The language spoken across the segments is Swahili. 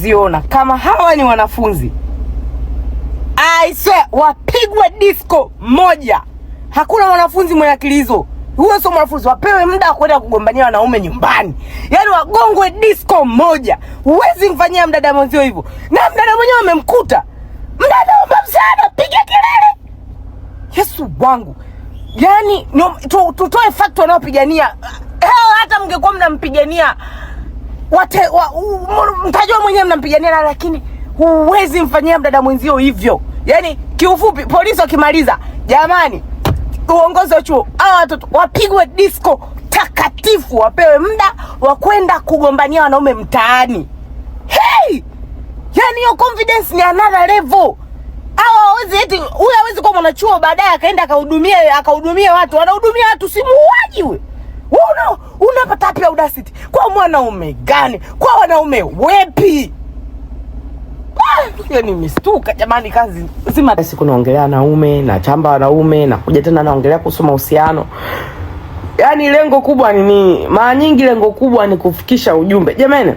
kuziona. Kama hawa ni wanafunzi I swear, wapigwa disco moja. Hakuna mwanafunzi mwenye akili hizo, huyo sio mwanafunzi. Wapewe muda wa kwenda kugombania wanaume nyumbani, yaani wagongwe disco moja. Huwezi mfanyia mdada mwenzio hivyo, na mdada mwenyewe amemkuta mdada, omba msaada, piga kelele. Yesu wangu, yaani tutoe fakti wanaopigania hata mngekuwa mnampigania wate, wa, mtajua mwenyewe mnampigania, lakini huwezi mfanyia mdada mwenzio hivyo. Yaani kiufupi, polisi wakimaliza, jamani, uongozi wa chuo, hawa watoto wapigwe disco takatifu, wapewe muda wa kwenda kugombania wanaume mtaani. Hey! Yaani hiyo confidence ni another level. Hawa hawezi eti huyu hawezi kuwa mwanachuo baadaye akaenda akahudumia akahudumia watu, anahudumia watu, si wewe. Una unapata wapi audacity? Kwa mwanaume gani? Kwa wanaume wepi? Yaani mistuka jamani, kazi nzima siku naongelea wanaume na chamba wanaume na kuja tena naongelea kuhusu mahusiano. Yaani lengo kubwa ni mara nyingi lengo kubwa ni kufikisha ujumbe jamani.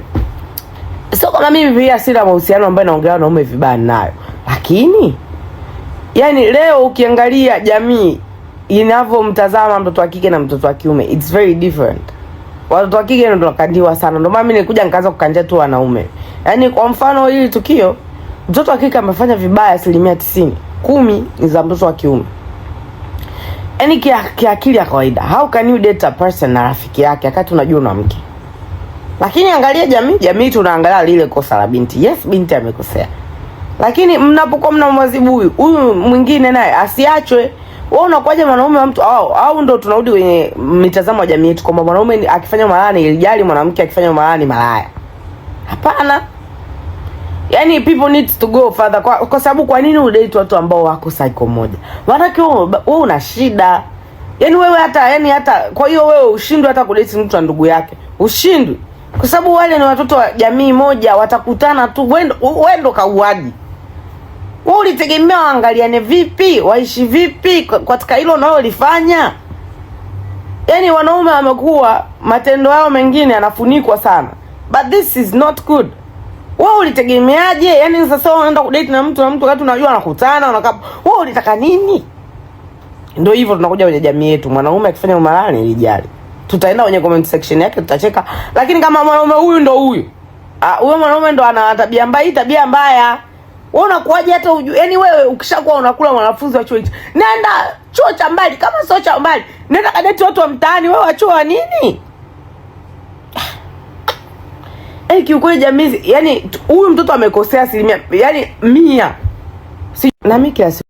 Sio kama mimi pia sina mahusiano ambayo naongelea wanaume vibaya nayo, lakini yani leo ukiangalia jamii inavyomtazama mtoto wa kike na mtoto wa kiume it's very different. Watoto wa kike ndio wakandiwa sana, ndio maana mimi nikuja nikaanza kukandia tu wanaume. Yaani kwa mfano hili tukio, mtoto wa kike amefanya vibaya asilimia tisini, kumi ni za mtoto wa kiume. Yaani kiakili ya kawaida, how can you date a person na rafiki yake akati unajua una mke? Lakini angalia jamii, jamii tunaangalia lile kosa la binti. Yes, binti amekosea, lakini mnapokuwa mnamwazibu huyu huyu mwingine naye asiachwe wewe unakuwaje mwanaume wa mtu au au ndo tunarudi kwenye mitazamo ya jamii yetu kwamba mwanaume akifanya malaya ni ilijali, mwanamke akifanya malaya ni malaya. Hapana. Yaani people need to go further kwa, kwa sababu kwa nini udate watu ambao wako psycho moja? Maanake wewe una shida. Yaani wewe hata yani hata kwa hiyo wewe ushindwe hata kudate mtu wa ndugu yake. Ushindwe. Kwa sababu wale ni watoto wa jamii moja watakutana tu wendo wendo kauaji wewe ulitegemea waangaliane vipi, waishi vipi katika hilo unalolifanya? Yaani wanaume wamekuwa matendo yao mengine yanafunikwa sana, but this is not good. Wewe ulitegemeaje? Yaani sasa unaenda kudate na mtu na mtu wakati unajua anakutana unaka, wewe ulitaka nini? Ndio hivyo tunakuja kwenye jamii yetu, mwanaume akifanya umalani ilijali, tutaenda kwenye comment section yake tutacheka, lakini kama mwanaume huyu ndo huyu ah, huyo mwanaume ndo ana tabia mbaya, tabia mbaya wewe unakuaje hata ujue? Yaani wewe ukishakuwa unakula wanafunzi wa chuo hicho, nenda chuo cha mbali, kama sio cha mbali, nenda kadeti watu wa mtaani, wewe wachuo wa nini? Hey, ah. yaani kiukweli jamii, yani huyu mtoto amekosea asilimia yani mia si, na mimi kiasi